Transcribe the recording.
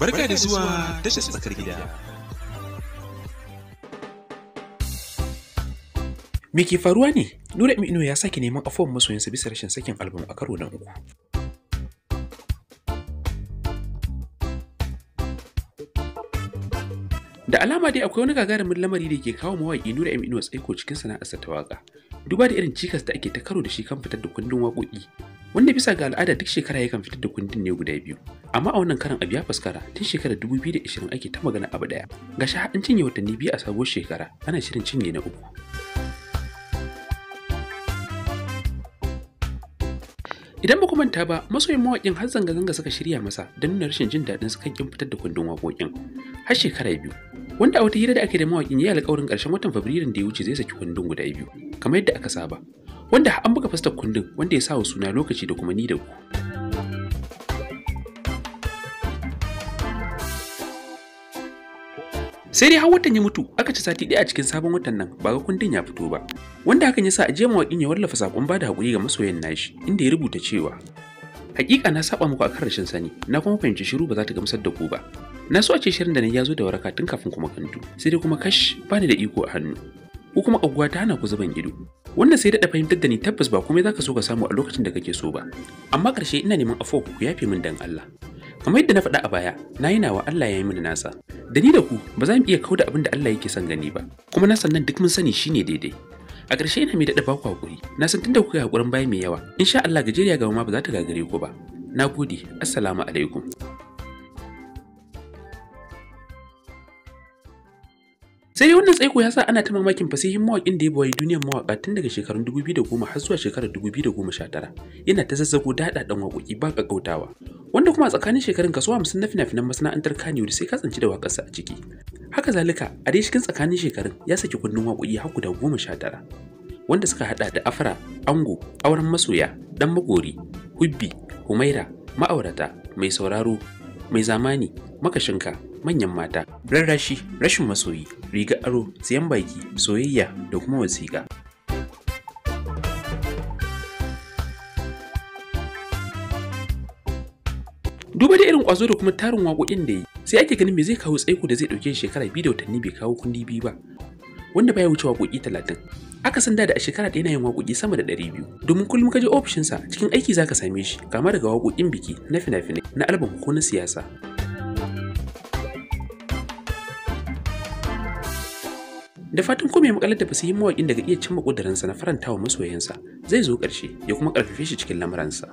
Barka da zuwa tashar tsakar gida. Me ke faruwa ne? Nura Mino ya sake neman afuwan masoyinsa bisa rashin sakin album a karo na uku. Da alama dai akwai wani gagarumin lamari da ke kawo mawaƙi Nura Mino tsaiko cikin sana'arsa ta waƙa. Duba da irin cikas da ake ta karo da shi kan fitar da kundin waƙoƙi wanda bisa ga al'ada duk shekara yakan fitar da kundin ne guda biyu amma a wannan karan a biya fuskara tun shekarar 2020 ake ta magana abu daya sha an cinye watanni biyu a sabuwar shekara ana shirin cinye na uku idan ba ku manta ba masoyin mawaƙin har zanga-zanga suka shirya masa don nuna rashin jin daɗin su kan fitar da kundin waƙoƙin har shekara biyu wanda a wata hira da ake da mawaƙin ya yi alƙawarin ƙarshen watan fabrairun da ya wuce zai saki kundin guda biyu kamar yadda aka saba wanda an buga fasta kundin wanda ya sa wa suna lokaci da kuma ni da ku. sai dai har watan ya mutu aka ci sati ɗaya a cikin sabon watan nan ba ga kundin ya fito ba wanda hakan ya sa ajiya mawaƙin ya wallafa saƙon ba da haƙuri ga masoyan nashi inda ya rubuta cewa hakika na saba muku akan rashin sani na kuma fahimci shiru ba za ta gamsar da ku ba na so a ce shirin da na ya zo da waraka tun kafin kuma kantu sai dai kuma kash bani da iko a hannu ko kuma ƙaguwa ta hana ku zuban ido wanda sai dada fahimtar da ni tabbas ba komai zaka so ka samu a lokacin da kake so ba. Amma ƙarshe ina neman afuwa ku yafe min dan Allah. Kamar yadda na faɗa a baya, na yi nawa Allah ya yi mini nasa. Da ni da ku ba za mu iya kauda abin da Allah yake son gani ba, kuma san nan duk mun sani shine daidai. a ƙarshe ina mai daɗa baku hakuri na san tunda kuka yi hakurin baya mai yawa insha Allah gajeriya gaba ma ba za ta gagare ku ba na gode assalamu alaikum sai dai wannan tsaiko ya sa ana ta mamakin fasihin mawakin da ya bawayi duniyar mawaka tun daga shekarun 2010 har zuwa shekarar 2019 yana ta zazzago daɗaɗɗen waƙoƙi ba gautawa, wanda kuma a tsakanin shekarun kaso 50 na fina-finan masana'antar da sai ka tsanci da waƙarsa a ciki haka zalika a dai cikin tsakanin shekarun ya saki kunnen waƙoƙi har guda tara, wanda suka haɗa da afra ango auren masoya dan magori hubbi humaira ma'aurata mai sauraro mai zamani makashinka manyan mata rarrashi rashin masoyi riga aro siyan baki soyayya da kuma wasiƙa duba da irin ƙwazo da kuma tarin waƙoƙin da yi sai ake ganin me zai kawo tsaiko da zai ɗauke shekara biyu da watanni bai kawo kundi biyu ba wanda baya wuce waƙoƙi talatin aka san da a shekara ɗaya na yin waƙoƙi sama da ɗari biyu domin kullum ka je ofishinsa cikin aiki zaka same shi kama daga waƙoƙin biki na fina-finai na albam ko na siyasa da fatan ko mai makalar da fasihin mawaƙin daga iya cimma ƙudurinsa na farantawa masoyansa zai zo ƙarshe ya kuma ƙarfafe shi cikin lamuransa.